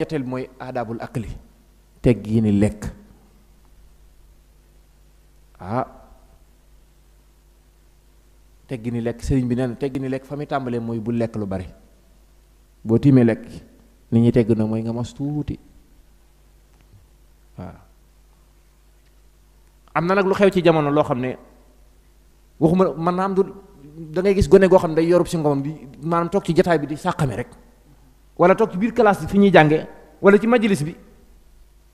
ñetteel mooy aadaabul akli teg yi ni lekk ah teggi ni lekk sëriñ bi nee na teggi ni lekk fa muy tàmbalee mooy bu lekk lu bari boo tiimee lekk ni ñuy tegg na mooy nga mos tuuti waaw am na nag lu xew ci jamono loo xam ne waxuma man naa am du da gis gone goo xam ne day yorub si ngomam bi maanaam toog ci jataay bi di sàqame rek wala toog ci biir classe bi fi ñuy jànge wala ci majalis bi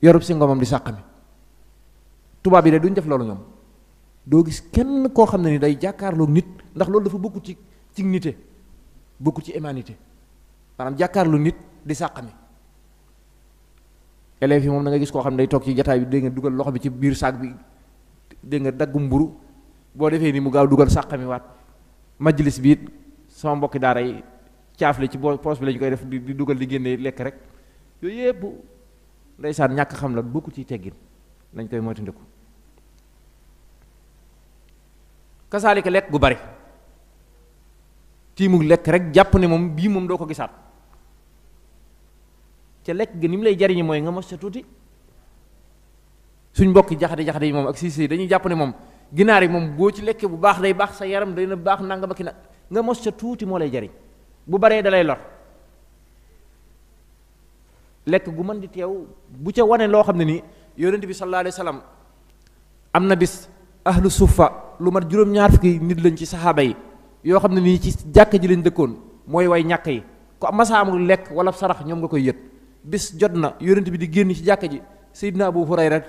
yorub si ngomam di sàq mi tubaab yi de duñ def loolu ñoom doo gis kenn koo xam ne ni day jàkkaarloog nit ndax loolu dafa bokku ci ci nite ci humanité maanaam jàkkaarlu nit di sàq mi élèves yi moom da nga gis koo xam ne day toog ci jataay bi dégg nga dugal loxo bi ci biir saag bi dégg nga daggu mburu boo defee ni mu gaaw dugal sàq mi waat majalis bi it sama mbokki daara yi caaf la ci poos bi lañu koy def bi dugal di génne lekk rek yooyu yëpp ndeysaan ñàkk xam la bokku ciy teggin nañ koy moytandiku kasaalika lekk gu bari tiimu lekk rek jàpp ne moom bii moom doo ko gisaat ca lekk gi ni mu lay jariñi mooy nga mos sa tuuti suñ mbokki jaxate jaxate yi moom ak siise yi dañuy jàpp ne moom ginaar yi moom boo ci lekkee bu baax day baax sa yaram day na baax nanga ba ki nag nga mos sa tuuti moo lay jariñ bu baree dalay lor lekk gu man di teew bu ca wane loo xam ne nii yonent bi sallallahu alayhi am na bis ahlu suffa lu mat juróom-ñaar fukki nit lañ ci saxaaba yi yoo xam ne nii ci jàkk ji lañ dëkkoon mooy way ñàkk yi ko masaa amul lekk wala sarax ñoom nga koy yët bis jot na yonent bi di génn ci jàkk ji naa Seydina Abu rek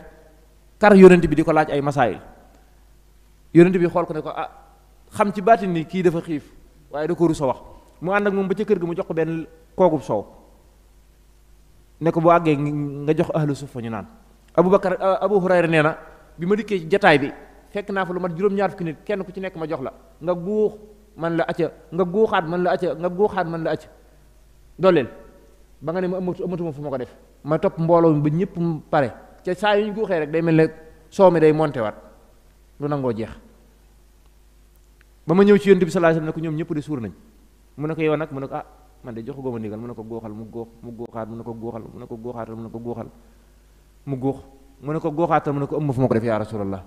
kar yonent bi di ko laaj ay masaayil yonent bi xool ko ne ko ah xam ci baatin ni kii dafa xiif waaye da ko rusa a wax mu ànd ak moom ba ca kër gi mu jox ko benn koogub soow ne ko bu àggee nga jox ahlu suuf fa ñu naan abubakar uh, abu hurayra nee na bi ma dikkee ci jataay bi fekk naa fa lu mat juróom-ñaar fukki nit kenn ku ci nekk ma jox la nga guux man la acca nga guuxaat man la acca nga guuxaat man la acca dooleel ba nga ne ma amatu amatuma fu ma ko def ma topp mbooloo mi ba ñëpp pare ca saa yu ñu guuxee rek day mel ne soow mi day monte waat lu nangoo jeex ba ma ñëw ci yonent bi sallallahu alayhi ne ko ñoom ñëpp de suur nañ mu ne ko yow nag mu ne ko ah man de joxo ko ma ndigal mu ne ko góoxal mu góox mu góoxaat mu ne ko góoxal mu ne ko góoxaatal mu ko góoxal góox mu ne ko góoxaatal mu ne ko ëmm fu ma ko def yaa rasulallah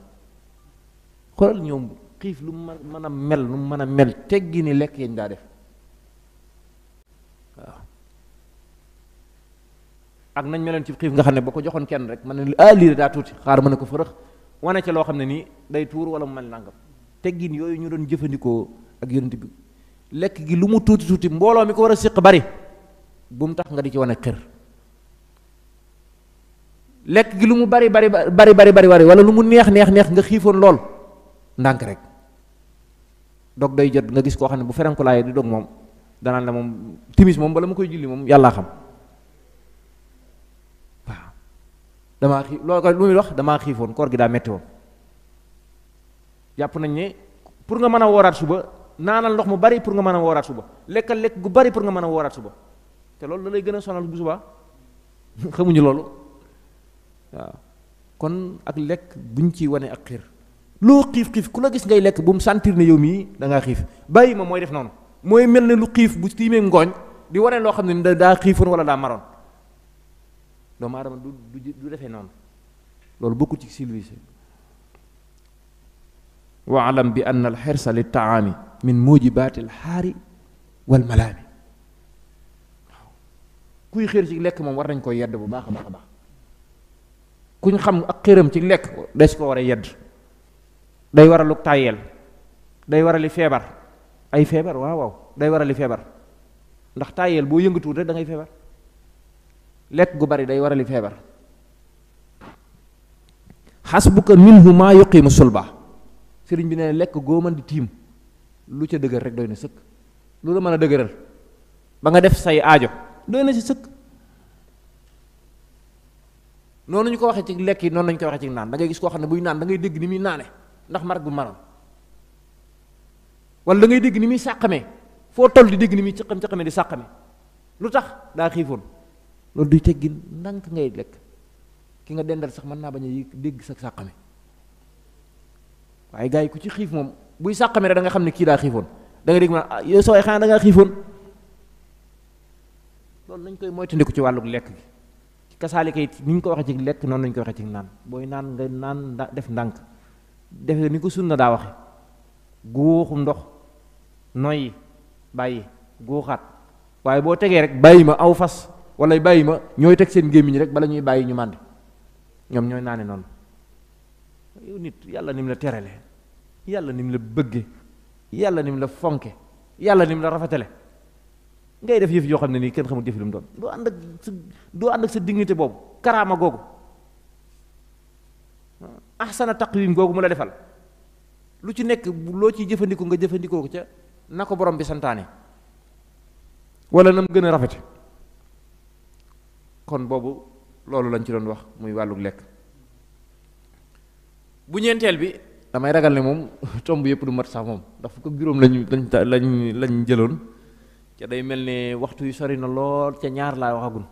xoolal ñoom xiif lu mu mën a mel lu mu mën a mel teggi ni lekk yañ daa def waaw ak nañ meloon ci xiif nga xam ne boo ko joxoon kenn rek man ne ah lii daa tuuti xaar mën ne ko fërëx wane ca loo xam ne nii day tuur wala mu mel nangam teggin yooyu ñu doon jëfandikoo ak yonent bi lekk gi lu mu tuuti tuuti mbooloo mi ko war a séq bari bu mu tax nga di ci wane xër lekk gi lu mu bari bari bari bari bari wala lu mu neex neex neex nga xiifoon lool ndànk rek dog day jot nga gis koo xam ne bu ko laay di dog moom danaa la moom timis moom bala ma koy julli moom yàllaa xam waaw damaa xii loolu ko lu muy wax damaa xiifoon koor gi daa metti woon jàpp nañ ne pour nga mën a wooraat suba naanal ndox mu bari pour nga man a wooraat suba lekkal lekk gu bari pour nga mën a wooraat suba te loolu la lay gën a sonal bu subaa xamuñu loolu waaw kon ak lekk buñ ci wane ak xiir loo xiif xiif ku la gis ngay lekk bu mu sentir ne yow mii da ngaa xiif bàyyi ma mooy def noonu mooy mel ni lu xiif bu tiimee ngooñ di wane loo xam ne da daa xiifoon wala daa maroon doomu aadama du du defee noonu loolu bokkul ci civilisé wa alam bi anna al xirsa li min mujibaati alxaari wal malaami kuy xéer ci lekk moom war nañ koy yedd bu baax a baax a baax kuñ xam ak xéram ci lekk des ko war a yedd day waralu tàyyeel day warali feebar ay feebar waaw waaw day warali feebar ndax tàyyeel boo yëngatuwut rek dangay feebar lekk gu bari day warali feebar xas bu ko minhu maa yuqimu sulba sëriñ bi nee lekk goo mën tiim lu ca dëgër rek doy na sëkk lu la mën a dëgëral ba nga def say aajo doy na si sëkk noonu ñu ko waxee ci lekk yi noonu lañu ko waxee ci naan da ngay gis koo xam ne buy naan da ngay dégg ni muy naane ndax gu maram wala da dégg ni muy sàqamee foo toll di dégg ni muy caqam caqamee di sàqamee lu tax daa xiifoon loolu duy teggin ndànk ngay lekk ki nga dendal sax mën naa bañ a dégg sa sàqame waaye gars ku ci xiif moom buy sàqami rek da xam ne kii daa xiifoon da nga dégg ma ah yow sooy xanaa da ngaa xiifoon loolu nañ koy moytandiku ci wàllu lekk gi ci kasaalika it ni ñu ko waxee ci lekk noonu lañu ko waxee ci naan booy naan nga naan def ndànk defe ni ko sunna daa waxe guuxu ndox noyyi bàyyi guuxaat waaye boo tegee rek bàyyi ma aw fas wala bàyyi ma ñooy teg seen gémmiñ rek bala ñuy bàyyi ñu màndi ñoom ñooy naane noonu yow nit yàlla ni mu la terale yàlla ni mu la bëgge yàlla ni mu la fonke yàlla ni mu la rafetale ngay def yëf yoo xam ne nii kenn xamul yëf lu mu doon doo ànd ak sa doo ànd sa dignité boobu karaama googu ahsana taqwim googu mu la defal lu ci nekk loo ciy jëfandikoo nga jëfandikoo ko ca na ko borom bi santaane wala na mu gën a rafete kon boobu loolu lañ ci doon wax muy wàllug lekk bu ñeenteel bi damay ragal ne moom tomb yëpp du mat sax moom ndax fukk ak juróom lañu lañ lañ lañ jëloon ca day mel ne waxtu yu sori na lool ca ñaar laa waxagul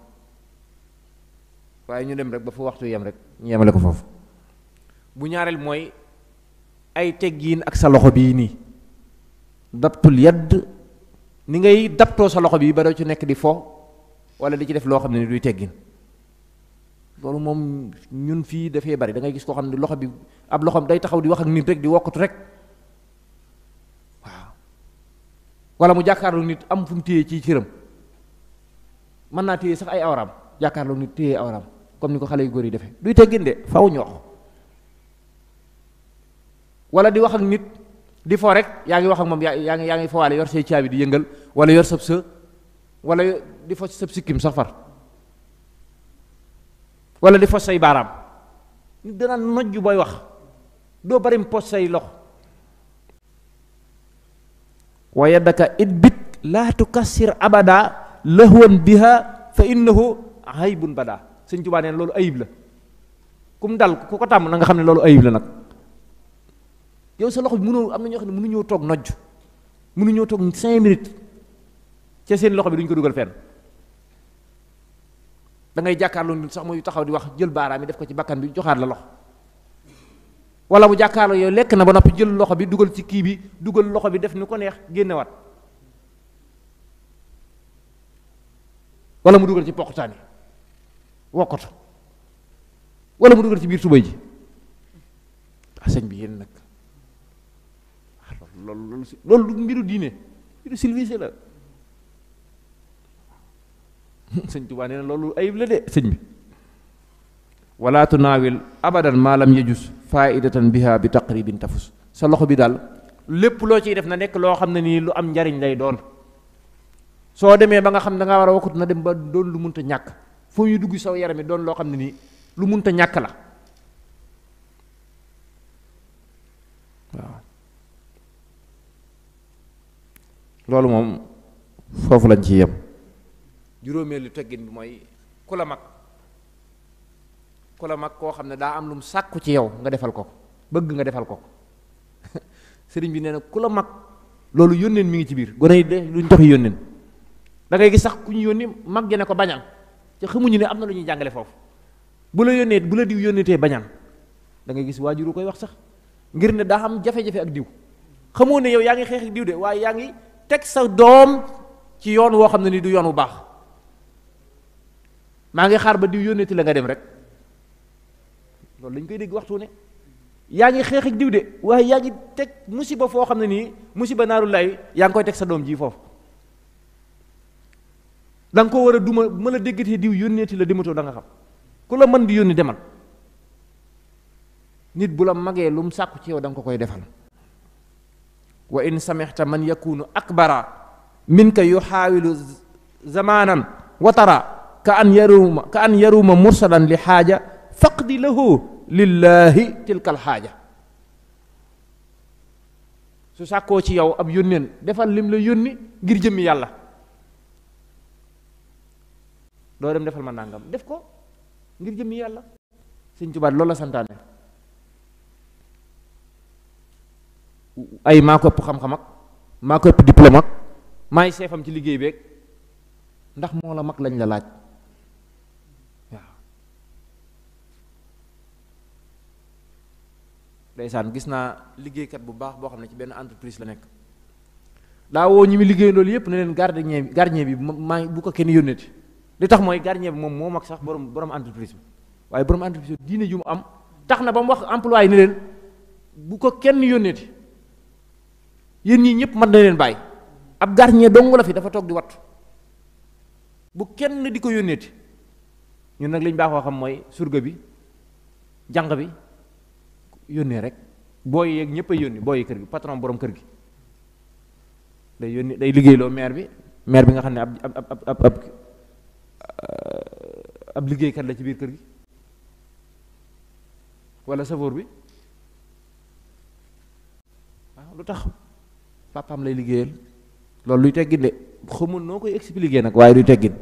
waaye ñu dem rek ba fa waxtu yam rek ñu yemale ko foofu bu ñaareel mooy ay teggiin ak sa loxo bii nii dabtul yadd ni ngay dabtoo sa loxo bii ba doo ci nekk di fo wala di ci def loo xam ne ni duy teggin loolu moom ñun fii dafee bari dangay gis koo xam ne loxo bi ab loxoom day taxaw di wax ak nit rek di wokkatu rek waaw wala mu jàkkaarloo nit am fu mu téye ci cëram man naa téye sax ay awraam jàkkaarloo nit téye awraam comme ni ko xale yu góor yi defee duy teggin de faw ñoox wala di wax ak nit di fo rek yaa ngi wax ak moom yaa yaa ngi yaa ngi fowaale yor say caabi di yëngal wala yor sab sa wala di fo sab sikkim sax wala di fos say baaraam nit dana nojj booy wax doo bari pos say lox wa yaddaka idbit laa tukassir abada lahwan biha fa innahu aybun bada sëñ Tuubaa neen loolu ayib la kum dal ku ko tàmm na nga xam ne loolu ayib la nag yow sa loxo bi mënoo am na ñoo xam ne mënuñoo toog nojj mënuñoo toog cinq minutes ca seen loxo bi duñ ko dugal fenn da ngay jàkkaarloo nit sax muy taxaw di wax jël baaraam yi def ko ci bakkan bi joxaat la loxo wala mu jàkkaarloo yow lekk na ba noppi jël loxo bi dugal ci kii bi dugal loxo bi def ni ko neex génnewaat wala mu dugal ci poqutaan yi wokkatu wala mu dugal ci biir tubay ji ah bi yéen nag ah, loolu loolu loolu mbiru diine mbiru civilisé la. sëñ Tuubaa nee loolu ayib la de sëñ bi wala tunaawil abadan maalam yajus faidatan biha bi taqribin tafus sa loxo bi daal lépp loo ciy def na nekk loo xam ne nii lu am njariñ lay doon soo demee ba nga xam da ngaa war a wakkut na dem ba doon lu munta ñàkk foo dugg saw yaram doon loo xam ne nii lu munta ñàkk la waaw moom foofu lañ ci yem juróomeelu teggin bi mooy ku la mag ku la mag koo xam ne daa am lu mu sàkku ci yow nga defal ko bëgg nga defal ko sëriñ bi nee na ku la mag loolu yónneen mu ngi ci biir gone yi de luñ joxe yónneen da ngay gis sax ku ñu yónni mag ja ko bañal te xamuñu ne am na lu ñuy jàngale foofu bu la yónnee bu la diw yónnetee bañal da ngay gis waajuru koy wax sax ngir ne daa am jafe-jafe ak diw xamoo ne yow yaa ngi xeex ak diw de waaye yaa ngi teg sa doom ci yoon woo xam ne ni du yoon wu baax maa ngi xaar ba diw yónneti la nga dem rek loolu lañ koy dégg waxtu ne yaa ngi xeex ak diw de waaye yaa ngi teg musiba foo xam ne nii musiba naaru lay yaa ngi koy teg sa doom ji foofu da ko war a duma ma la déggatee diw yónneeti la dematoo danga xam ku la mën di yónni demal nit bu la magee lu mu sàkku ci yow danga ko koy defal wa in samixta man yakunu akbara min ka yuxaawilu zamaanan watara ka an yaruma ka an mursalan li xaaja faqdi lahu lillahi tilkal xaaja su sàkkoo ci yow ab yónneen defal lim la yónni ngir jëmmi yàlla doo dem defal ma nàngam def ko ngir jëmmi yàlla sëñ Tuubaa loolu la santaane ay maa ko ëpp xam-xam maa ko ëpp diplôme maay seefam ci liggéey beeg ndax moo la mag lañ la laaj ndeysaan gis naa liggéeykat bu baax boo xam ne ci benn entreprise la nekk daa woo ñi muy liggéey loolu yëpp ne leen gardien bi gardien bi maa bu ko kenn yónneti li tax mooy gardien bi moom moo mag sax borom borom entreprise bi waaye borom entreprise bi diine ju mu am tax na ba mu wax employé ne leen bu ko kenn yónneeti yéen ñii ñëpp mën na leen bàyyi ab gardien dong la fi dafa toog di wattu bu kenn di ko yónneeti ñun nag li ñu baaxoo xam mooy surga bi jànq bi yónnee rek booy yeeg ñëpp a yónni booy kër gi patron borom kër gi day yónni day liggéeyloo maire bi maire bi nga xam ne ab ab ab ab ab liggéeykat la ci biir kër gi walla savoor bi waaw lu tax papaam lay liggéeyal loolu luy teggin de xamul noo koy expliquer nag waaye luy teggin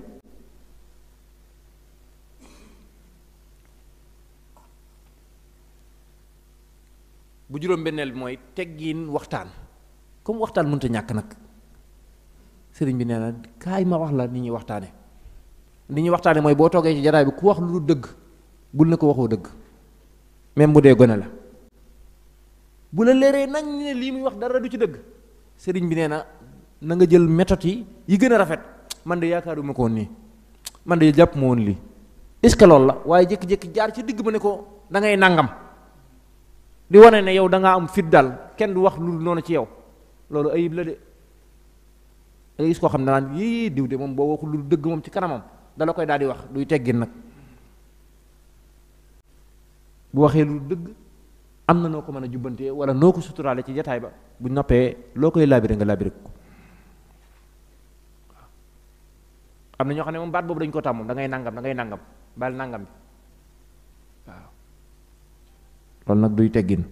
bu juróom-benneel bi mooy teggiin waxtaan comme waxtaan mënut a ñàkk nag sëriñ bi nee na kaay ma wax la ni ñuy waxtaane ni ñuy waxtaane mooy boo toogee ci jaraay bi ku wax lu du dëgg bul na ko waxoo dëgg même mu dee gone la bu la leeree nañ ne lii muy wax dara du ci dëgg sëriñ bi nee na na nga jël méthode yi yi gën a rafet man de yaakaaruma ko woon nii man de jàpp ma woon lii est ce que loolu la waaye jékki-jékki jaar ci digg ba ne ko da ngay nangam di wane na yow dangaa am fit daal kenn du wax lu noonu ci yow loolu ayib la de da gis koo xam ne naan yii diw de moom boo waxul lu dëgg moom ci kanamam dala koy daal di wax duy teggin nag bu waxee lu dëgg am na noo ko mën a jubbantee wala noo ko suturaale ci jataay ba bu noppee loo koy laabire nga laabire ko am na ñoo xam ne moom baat boobu dañu ko tàmm moom dangay ngay nangam da ngay nangam bal nangam bi loolu nag duy teggin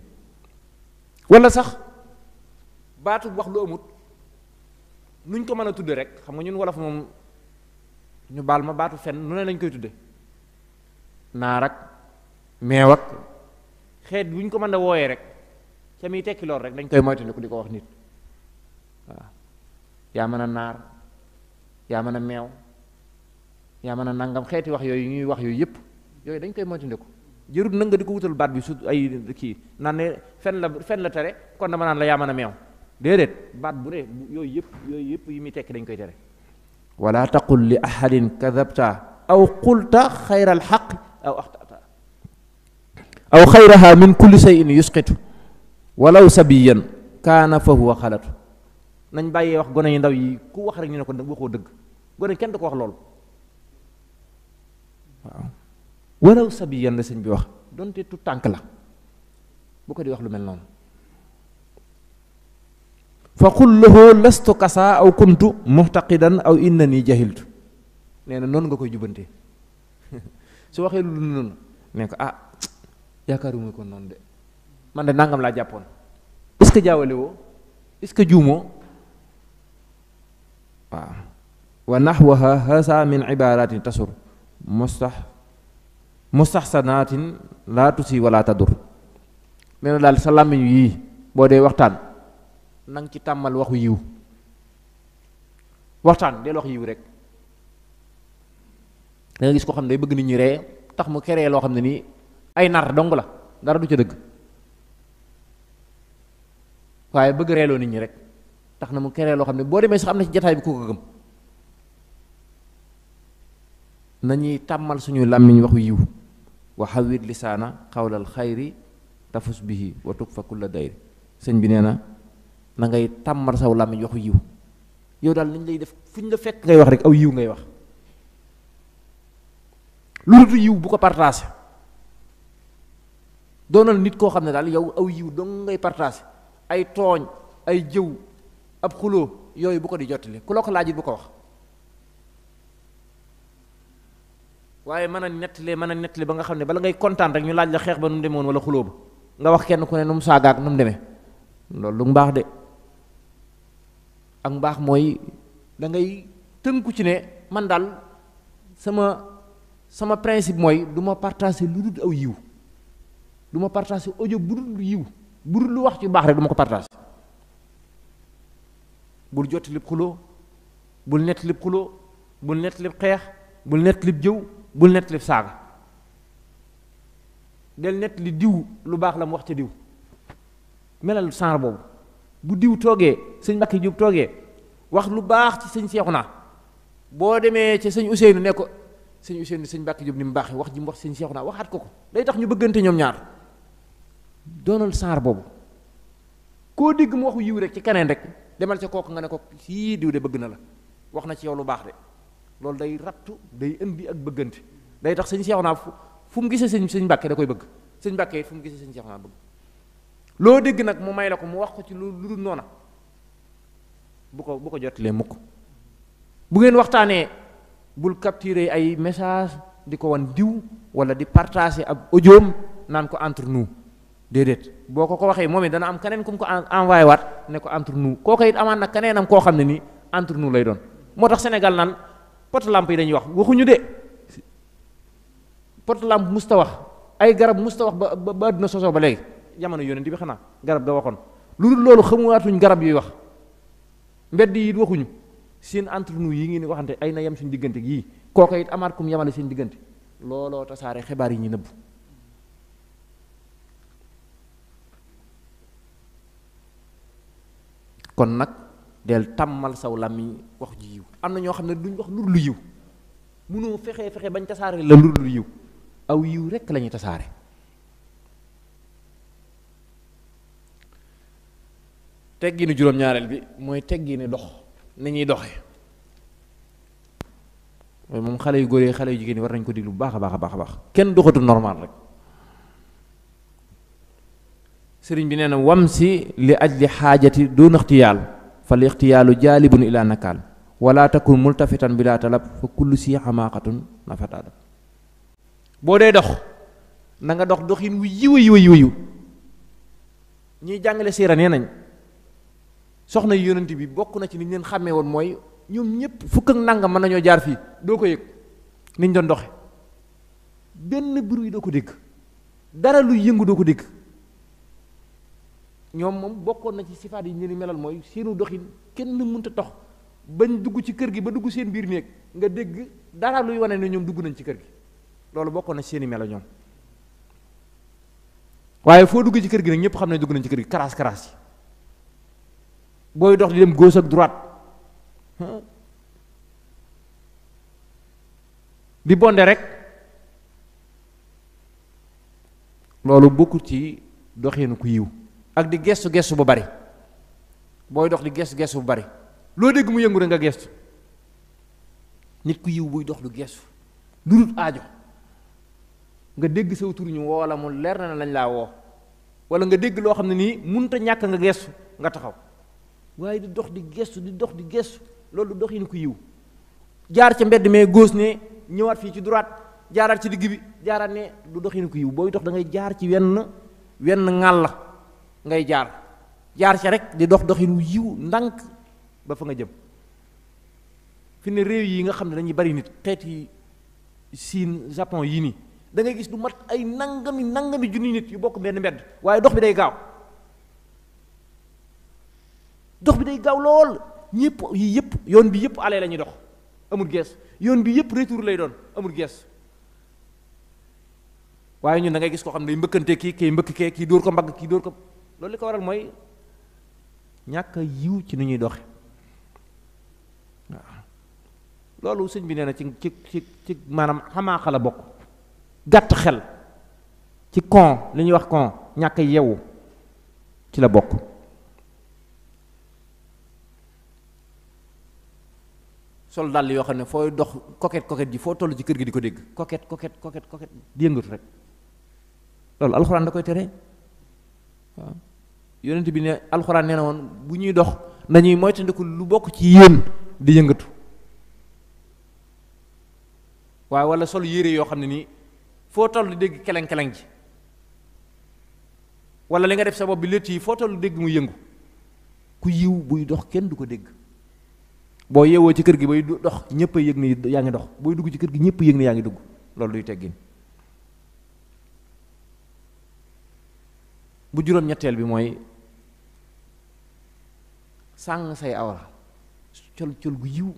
wala sax baatu wax lu amut nuñ ko mën a tudde rek xam nga ñun wolof moom ñu baal ma baatu fen nu ne lañ koy tudde naarak ak meew xeet bu ñu ko mën a wooyee rek ca muy tekki lool rek dañ koy moytandiku di ko wax nit waaw yaa mën a naar yaa mën a meew yaa mën a nangam xeeti wax yooyu ñuy wax yooyu yëpp yooyu dañ koy moytandiku jërut nag nga di ko wutal baat bi su ay kii naan ne fen la la tere kon dama naan la yaa a meew déedéet baat bu ne yooyu yëpp yooyu yëpp yi muy tekki dañ koy tere wala taqul li ahadin kadabta aw qulta xayra alxaq aw axtata aw xayraha min kulli shay'in yusqitu walaw sabiyan kaana fa huwa xalatu nañ bàyyee wax gone yu ndaw yi ku wax rek ñu ne ko waxoo dëgg gone kenn du ko wax loolu waraw sabiyan la sëñ bi wax donte tu tànk la bu ko di wax lu mel noonu fa qul lahu lastu kasa aw kuntu muhtaqidan aw innani jahiltu nee noonu nga koy jubante su waxee lu noonu ne ko ah yaakaaruma ko noonu de man de nangam laa jàppoon est-ce que jaawale woo est-ce que juumoo waaw wa naxwaha hasa min ibaaratin tasur mu sax sa mustaxsanaatin laa tusi wala tadur nee na daal sa làmmiñ yii boo dee waxtaan na ci tàmmal waxu yiw waxtaan deel wax yiw rek da nga gis koo xam ne day bëgg nit ñi ree tax mu keree loo xam ne nii ay nar dong la dara du ca dëgg waaye bëgg reeloo nit ñi rek tax na mu keree loo xam ne boo demee sax am na ci jataay bi ku ko gëm nañuy tàmmal suñuy làmmiñ waxu yiw wa xawwit lisaana xawlal xayri tafus bihi wa tug fa kulla dayri sëñ bi nee na na ngay tàmmal saw làmmiñ waxu yiw yow daal nañ lay def fu ñu la fekk ngay wax rek aw yiw ngay wax lu dul bu ko partagé doonal nit koo xam ne daal yow aw yiw dong ngay partagé ay tooñ ay jëw ab xuloo yooyu bu ko di jottali ku la ko laajit bu ko wax waaye mën a nettali mën a nettali ba nga xam ne bala ngay kontaan rek ñu laaj la xeex ba nu mu demoon wala xuloo ba nga wax kenn ku ne nu mu saagaak nu mu demee loolu lu baax de ak mbaax mooy da ngay tënku ci ne man daal sama sama principe mooy du ma partager lu dul aw yiw du ma partager audio bu dul yiw bu dul lu wax ci baax rek duma ko partager bul jot lépp xuloo bul nett lépp xuloo bul xeex bul nett lépp jëw bul nettali saaga del nettali diw lu baax la mu wax ca diw melal genre boobu bu diw toogee sëñ Mbàkke Jóob toogee wax lu baax ci sëñ Seexuna boo demee ci sëñ Ousseynou ne ko sëñ Ousseynou sëñ Mbàkke Jóob ni mu baaxee wax ji mu wax sëñ Seexuna waxaat ko ko day tax ñu bëggante ñoom ñaar doonal genre boobu koo dégg mu waxu yiw rek ci keneen rek demal sa kook nga ne ko sii diw de bëgg na la wax na ci yow lu baax de loolu day rattu day indi ak bëggante day tax sëñ Seexuna fu mu gisee sëñ sëñ Mbàkke da koy bëgg sëñ Mbàkke it fu mu sañ sëñ Seexuna bëgg loo dégg nag mu may la ko mu wax ko ci lu dul noona bu ko bu ko jotalee mukk bu ngeen waxtaanee bul capturer ay message di ko wan diw wala di partager ab audioom naan ko entre nous déedéet boo ko ko waxee moom it dana am keneen ku mu ko envoyé waat ne ko entre nous kooku it amaan nag keneen am koo xam ne nii entre nous lay doon pot lamp yi dañuy wax waxuñu de pot lamp musta wax ay garab musta wax ba ba àdduna sosoo ba léegi jamono yonent bi xanaa garab ga waxoon lu dul loolu xamuwaatuñ garab yuy wax mbedd yi waxuñu seen entre nous yi ngeen waxante ay na yem suñu diggante yii kooka it amaat kum yamale seen diggante looloo tasaare xibaar yi ñu nëbbu kon nag del tàmmal saw làmmiñ wax ji yiw am na ñoo xam ne duñ wax lur lu yiw mënoo fexe fexe bañ tasaare la lur lu yiw aw yiw rekk lañuy tasaare tegginu juróom-ñaareel bi mooy tegginu dox ni ñuy doxe moom xale yu góor yi xale yu jigéen yi war nañ ko diglu bu baax a baax a baax kenn doxatu normal rek sëriñ bi nee na wam si li ajli xaajati doon ixtiyaal fal ixtiyaalu jaalibun ila nakaal wala takun multafitan bila talab fa kullu si xamaaqatun nafataada boo dee dox nanga dox doxin wu yiw yiw yiw ñuy jàngale siira nee nañ soxna yi yonent bi bokk na ci ni ñu xàmmee woon mooy ñoom ñëpp fukk nanga nangam mën nañoo jaar fii doo ko yëg niñ doon doxe benn bruit doo ko dégg dara lu yëngu doo ko dégg ñoom moom bokkoon na ci sifaat yi ñu ni melal mooy seenu doxin kenn mënta tox bañ dugg ci kër gi ba dugg seen biir néeg nga dégg dara luy wane ne ñoom dugg nañ ci kër gi loolu bokkoon na seeni melo ñoom waaye foo dugg ci kër gi ñëpp xam ne dugg nañ ci kër gi karaas karaas dox di dem gauche ak droite rek loolu bokkul ci doxinu ku yiw ak di gestu gestu bu bari booy dox di gestu gestu bu bari loo dégg mu yëngu rek nga gestu nit ku yiw buy dox du gestu lu dul aajo nga dégg saw tur ñu woo la mu leer na lañ laa woo wala nga dégg loo xam ne nii munta ñàkk nga gestu nga taxaw waaye di dox di gestu di dox di gestu loolu dox yi ni ku yiw jaar ca mbedd mais góos ne ñëwaat fii ci droite jaaraat ci digg bi jaaraat ne du dox yi ni ku yiw booy dox da jaar ci wenn wenn ŋàll la ngay jaar jaar ca rek di dox doxin wu yiw ndànk ba fa nga jëm fi ne réew yi nga xam ne dañuy bari nit xeet yi Siin Japon yii nii dangay gis du mat ay nangami nangami junni nit yu bokk benn mbedd waaye dox bi day gaaw dox bi day gaaw lool ñëpp yii yëpp yoon bi yëpp ale la dox amul gees yoon bi yëpp retour lay doon amul gees waaye ñun da ngay gis koo xam ne day mbëkkante kii kii mbëkk kee kii dóor ko mbagg kii dóor ko loolu li ko waral mooy ñàkk a yiw ci nu ñuy dox loolu sëñ bi nee na ci ci ci ci maanaam xamaaxa la bokk gàtt xel ci kon li ñuy wax kon ñàkk a ci la bokk sol dàll yoo xam ne fooy dox coquette coquette ji foo toll ci kër gi di ko dégg coquette coquette coquette coquette di yëngatu rek loolu alxuraan da koy tere waaw yonent bi ne alxuraan nee na woon bu ñuy dox nañuy moytandiku lu bokk ci yéen di yëngatu waaw wala sol yére yoo xam ne nii foo toll dégg keleng keleng ji wala li nga def sa bopp bi létt yi foo toll dégg mu yëngu ku yiw buy dox kenn du ko dégg boo yeewoo ci kër gi bay dox ñëpp a yëg ni yaa ngi dox booy dugg ci kër gi ñëpp yëg ni yaa ngi dugg loolu duy teggin bu juróom ñetteel bi mooy sàng say awra col col gu yiw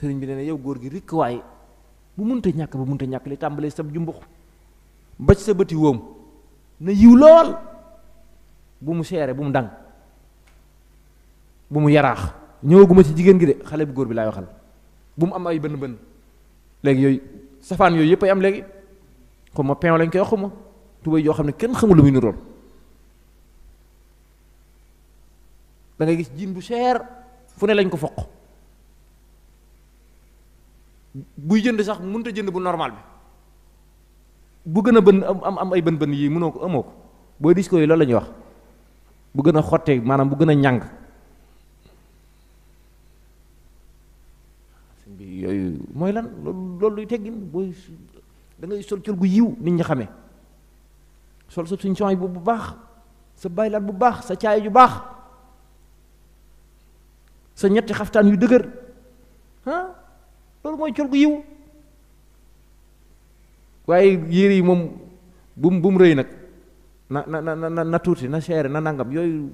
sëriñ bi nee na yow góor gi rikk waaye bu munta ñàkk bu munta ñàkk li tàmbalee sab jumbux ba ci sa bëti woom na yiw lool bu mu seere bu mu dang bu mu yaraax ñëwaguma ci jigéen gi de xale bu góor bi laay waxal bu mu am ay bënn bënn léegi yooyu safaan yooyu yëpp ay am léegi xuma peew lañ koy xuma tubéy yoo xam ne kenn xamul lu muy nuroon dangay gis jiin bu cher fu ne lañ ko foq buy jënd sax mënut a jënd bu normal bi bu gën a bën am am ay bën bënn yii mënoo ko amoo ko booy disco yi loolu la ñuy wax bu gën a xottee maanaam bu gën a ñàng yooyu mooy lan loolu loolu luy teggin booy dangay sol col gu yiw nit ñi xamee sol sa suñ bu baax sa baylaat bu baax sa caay ju baax sa ñetti xaftaan yu dëgër loolu mooy col gu yiw waaye yére yi moom bu mu bu mu rëy nag na na na na tuuti na seere na nangam yooyu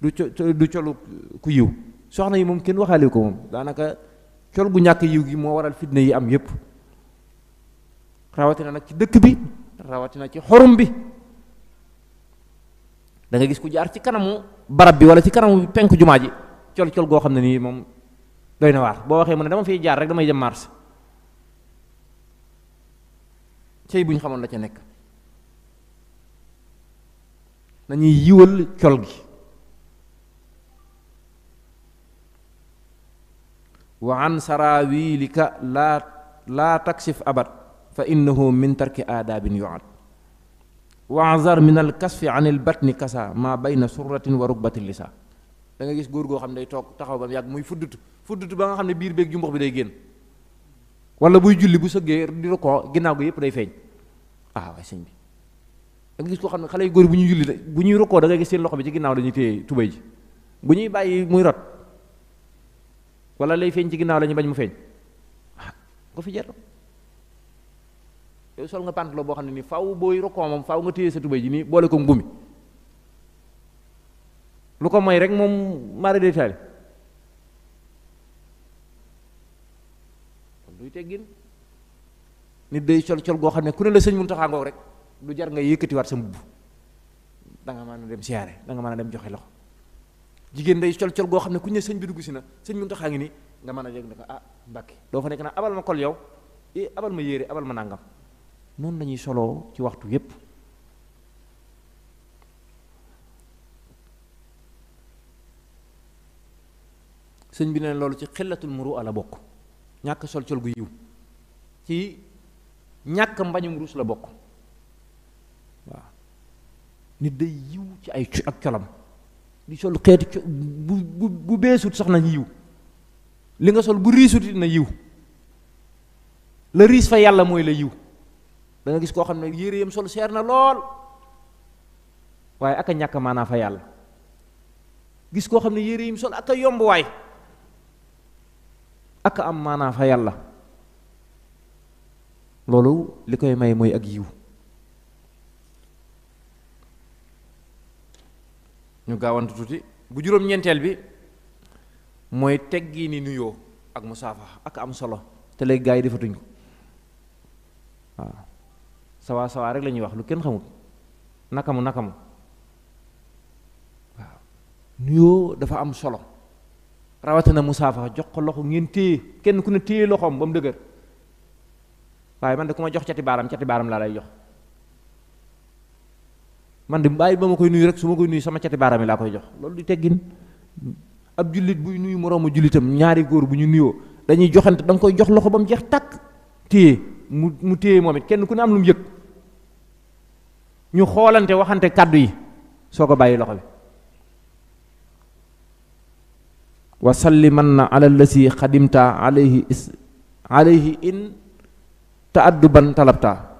du co du colu ku yiw soxna yi moom kenn waxaale ko moom daanaka col gu ñàkk yiw gi moo waral fitna yi am yépp rawatina nag ci dëkk bi rawatina ci xorum bi da gis ku jaar ci kanamu barab bi wala ci kanamu penku jumaa ji col-col goo xam ne nii moom doy na waar boo waxee mu ne dama fiy jaar rek damay jëm mars cey bu ñu xamoon la ca nekk nañuy yiwal col gi wa an sarawilika laa laa taksif abad fa innahu min tarki aadaabin yuad wa azar min alkasfi an albatni kasa ma na surratin wa rukbati lisa da gis góor goo xam ne day toog taxaw ba mu yàgg muy fuddutu fuddutu ba nga xam ne biir beeg jumbox bi day génn wala buy julli bu sëggee di ko ginnaaw gi yëpp day feeñ ah waaye sëñ bi da gis koo xam ne xale yu góor bu ñuy julli bu ñuy rokkoo da ngay gis seen loxo bi ci ginnaaw dañuy téye tubéy ji bu ñuy bàyyi muy rot wala lay feeñ ci ginnaaw la bañ mu feeñ ah ko fi jar la sol nga pantalon boo xam ne nii faw booy rokkoo moom faaw nga téye sa tubay ji nii boole ko ngumi lu ko may rek moom mari de taali kon duy teggin nit day col col goo xam ne ku ne la sëñ Muntaxa ngoog rek lu jar nga yëkkatiwaat sa mbubb da man mën a dem siyaare da nga mën a dem joxe loxo jigéen day col col goo xam ne ku ñu sëñ bi dugg si na sëñ Muntaxa ngi ni nga mën a jeg ne ko ah mbakki doo fa nekk naa abal ma kol yow i eh, abal ma yére abal ma nàngam noonu lañuy soloo ci waxtu yépp sëñ bi ne loolu ci xillatul muru ala bokk ñàkk sol col gu yiw ci ñàkk mbañum ruus la bokk waaw nit day yiw ci ay ak colam di sol xeeti bu bu bu beesut sax na yiw li nga sol bu riisutit na yiw la riis fa yàlla mooy la yiw danga gis koo xam ne yéreem sol seer na lool waaye ak ñàkk maanaa fa yàlla gis koo xam ne yére yéreem sol ak a yomb waay ak am maanaa fa yàlla loolu li koy may mooy ak yiw ñu gaawantu tuuti bu juróom-ñeenteel bi mooy teggi ni nuyoo ak musaafa ak am solo te léegi gaa yi defatuñ ko waaw sawaa sawaa rek la wax lu kenn xamul nakamu nakamu waaw nuyoo dafa am solo rawatina musaafa jox ko loxo ngeen téye kenn ku ne téye loxoom ba mu dëgër waaye man de ku ma jox cati baaram cati baaram laa lay jox man de bàyyi ba ma koy nuyu rek su ma koy nuyu sama cati baaraam yi laa koy jox loolu di teggin ab jullit buy nuyu moroomu jullitam ñaari góor bu ñu nuyoo dañuy joxante danga koy jox loxo ba mu jeex tàkk téye mu mu téye moom it kenn ku ne am lu mu yëg ñu xoolante waxante kàddu yi soo ko bàyyi loxo bi wa salliman na ala lasi xadimta alayhi is alayhi in taadduban talabta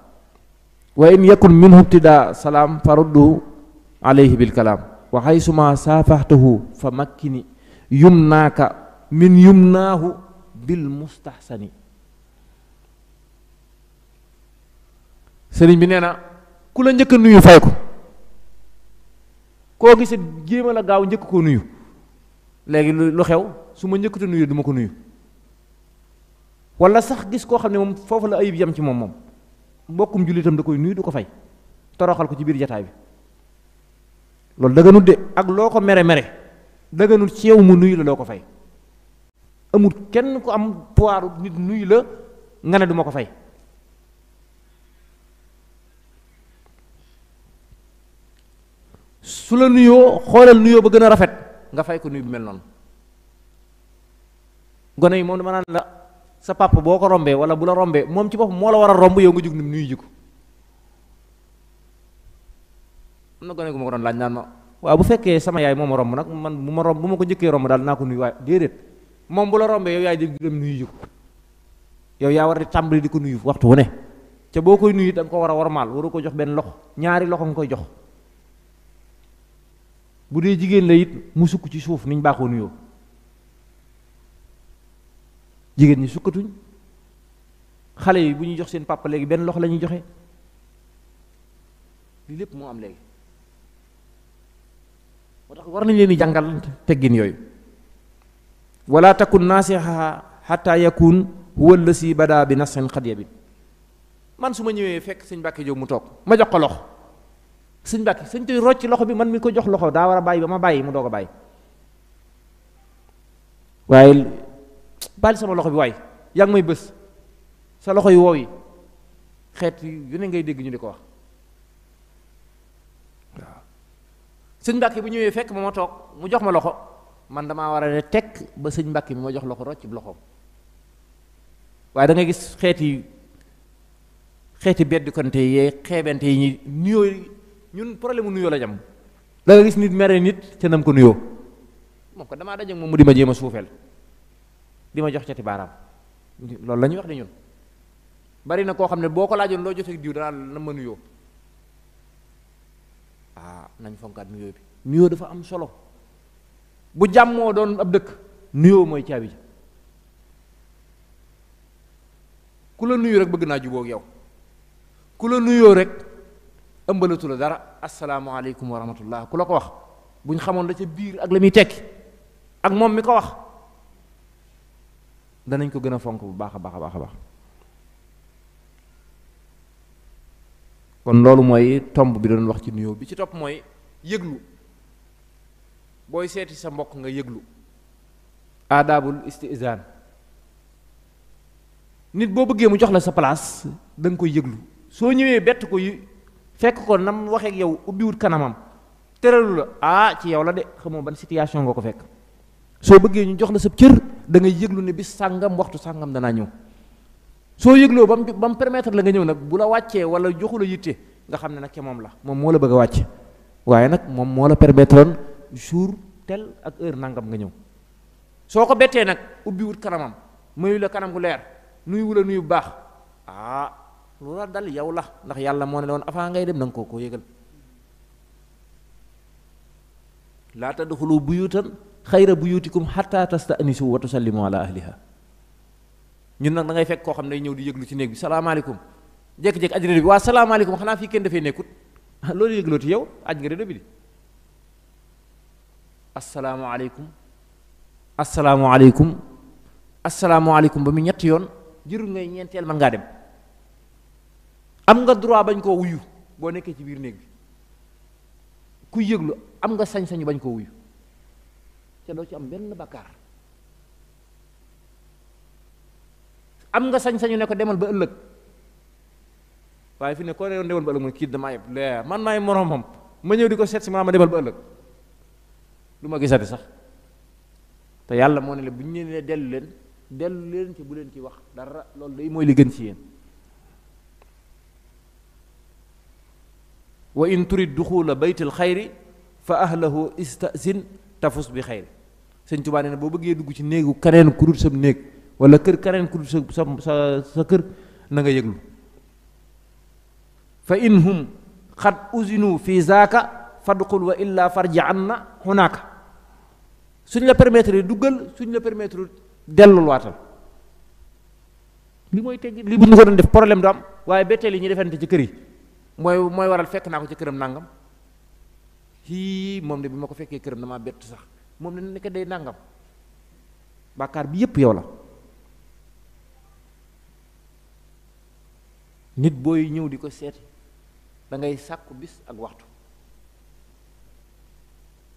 wa in yakun minhu ibtidaa salaam faruddu alayhi bil kalaam wa xaysuma saafaxtahu fa makkini yumnaaka min yumnaahu bil mustaxsani sëriñ bi nee na ku la njëkk nuyu fay ko koo gis jéem gaaw njëkk koo nuyu léegi lu xew su ma njëkkatu nuyu duma ko nuyu walla sax gis koo xam ne moom foofu la ayib yam ci moom moom mbokkum jullitam da koy nuyu du ko fay toroxal ko ci biir jataay bi loolu daganut de ak loo ko mere mere daganut ci mu nuyu la loo ko fay amul kenn ko am puwaaru nit nuyu la nga ne du ko fay su la nuyoo xoolal nuyoo ba gën a rafet nga fay ko nuyu bu mel noonu gone yi moom dama naan la sa papa boo ko rombee wala bu la rombee moom ci boppam moo la war a romb yow nga jug nuyu ji ko am na gone gu ma ko doon laaj naan ma waa bu fekkee sama yaay moo ma romb nag man bu ma romb bu ma ko jëkkee romb daal naa ko nuyu waaye déedéet moom bu la rombee yow yaay di dem nuyu ji ko yow yaa war di tàmbali di ko nuyu waxtu wu ne ca boo koy nuyu da ko war a warmaal waru ko jox benn loxo ñaari loxo nga koy jox. bu dee jigéen la it mu sukk ci suuf niñ baaxoo nuyoo jigéen ñi sukkatuñ xale yi bu ñuy jox seen papa léegi benn loxo lañuy ñuy joxe lépp moo am léegi moo tax war nañ leen di jàngal teggin yooyu wala takun naasiha xata yakun huwa lasi bada bi nasin xad yabit man su ma ñëwee fekk sëñ Mbàkke Jóob mu toog ma jox ko loxo sëñ Mbàkke sëñ tey rocc loxo bi man mi ko jox loxo daa war a bàyyi ba ma bàyyi mu doog a bàyyi waaye bàyyi sama loxo bi waaye yaa ngi may bés sa loxo yu wow yi xeet yu ne ngay dégg ñu di ko wax waaw sëñ Mbàkke bu ñëwee fekk ma ma toog mu jox ma loxo man damaa war a ne tekk ba sëñ Mbàkke mi ma jox loxo rocc loxoom waaye da ngay gis xeeti yi xeeti beddi konte yee xeebante yi ñuy nuyoo ñun problème mu nuyoo la jam da gis nit mere nit ca nam ko nuyoo moom ko damaa daje moom mu di ma jee ma suufeel di ma jox cati baaraam loolu la wax di ñun bari na koo xam ne boo ko laajoon loo jotee diw danaa na ma nuyoo ah nañ fonkaat nuyoo bi nuyoo dafa am solo bu jàmmoo doon ab dëkk nuyoo mooy caabi ja ku la nuyu rek bëgg naa juboo yow ku la nuyoo rek ëmbalatu la dara asalaamaaleykum wa rahmatullah ku la ko wax buñ xamoon la ca biir ak la muy tekki ak moom mi ko wax danañ ko gën a fonk bu baax a baax a baax a baax kon loolu mooy tomb bi doon wax ci nuyoo bi ci topp mooy yëglu booy seeti sa mbokk nga yëglu aadaabul istizaan nit boo bëggee mu jox la sa palaas da koy yëglu soo ñëwee bett ko yi fekk ko nam waxee ak yow ubbiwut kanamam tëralu la ah ci yow la de xamoo ban situation nga ko fekk soo bëggee ñu jox la sab cër da ngay yëglu ne bis sàngam waxtu sàngam danaa ñëw soo yëgloo ba mu ba mu permettre la nga ñëw nag bu la wàccee wala joxu la yitte nga xam ne nag ke moom la moom moo la bëgg a wàcce waaye nag moom moo la permettre woon jour tel ak heure nangam nga ñëw soo ko bettee nag ubbiwut kanamam mayu la kanam gu leer nuyu wu la nuyu bu baax ah, lu la dal yow la ndax yàlla moo ne la woon avant ngay dem na nga koo koo yëgal laa tadxulu buyutan xayra buyutikum xatta tastanisu wa tusallimu ala ahliha ñun nag da fekk koo xam ne ñëw di yëglu ci néeg bi salaamaaleykum jékki-jékki aj bi waa salaamaaleykum xanaa fii kenn dafay nekkut loolu yëglooti yow aj nga rédo bi di asalaamaaleykum asalaamaaleykum asalaamaaleykum ba mu ñetti yoon jërul ngay ñeenteel mën ngaa dem am nga droit bañ koo wuyu boo nekkee ci biir néeg bi ku yëglu am nga sañ-sañu bañ koo wuyu te loo ci am benn bakkaar am nga sañ-sañu ne ko demal ba ëllëg waaye fi ne koo doon demal ba ëllëg man kii damaa yëpp lee man maay moromam ma ñëw di ko seet si ma ma demal ba ëllëg lu ma gisati sax te yàlla moo ne la bu ñu leen dellu leen dellu leen ci bu leen ci wax dara loolu day mooy li gën ci yeen wa in turid duxuula baytil xayri fa ahlahu istasin tafus bi xayri sëñ Tuubaa nee na boo bëggee dugg ci néegu kaneen ku dul néeg wala kër kaneen ku dul sa sa sa kër na nga yëglu fa in hum xad usinu fi zaaka fadxul wa illa farji an na hunaaka suñ la permettre duggal suñ la permettre dellul waatal li mooy tegg li bu ñu ko doon def problème du am waaye betteel yi ñu defante ci kër yi mooy mooy waral fekk naa ko ci këram nangam hii moom de bi ma ko fekkee këram damaa bett sax moom de nekk day nangam bàkkaar bi yépp yow la nit booy ñëw di ko seet dangay ngay sàkku bis ak waxtu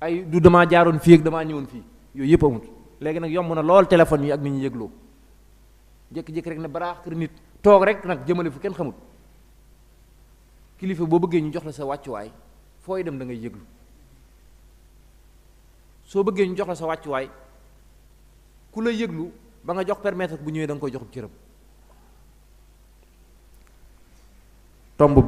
ay du damaa jaaroon fii ak damaa ñëwoon fii yooyu yëpp amut léegi nag yomb na lool téléphone yi ak nit ñi yëgloo jékki-jékki rek ne baraax kër nit toog rek nag jëmale fu kenn xamut kilifa boo bëggee ñu jox la sa wàccuwaay fooy dem dangay ngay yëglu soo bëggee ñu jox la sa wàccuwaay ku la yëglu ba nga jox permettre bu ñëwee da nga koy jox cëram tomb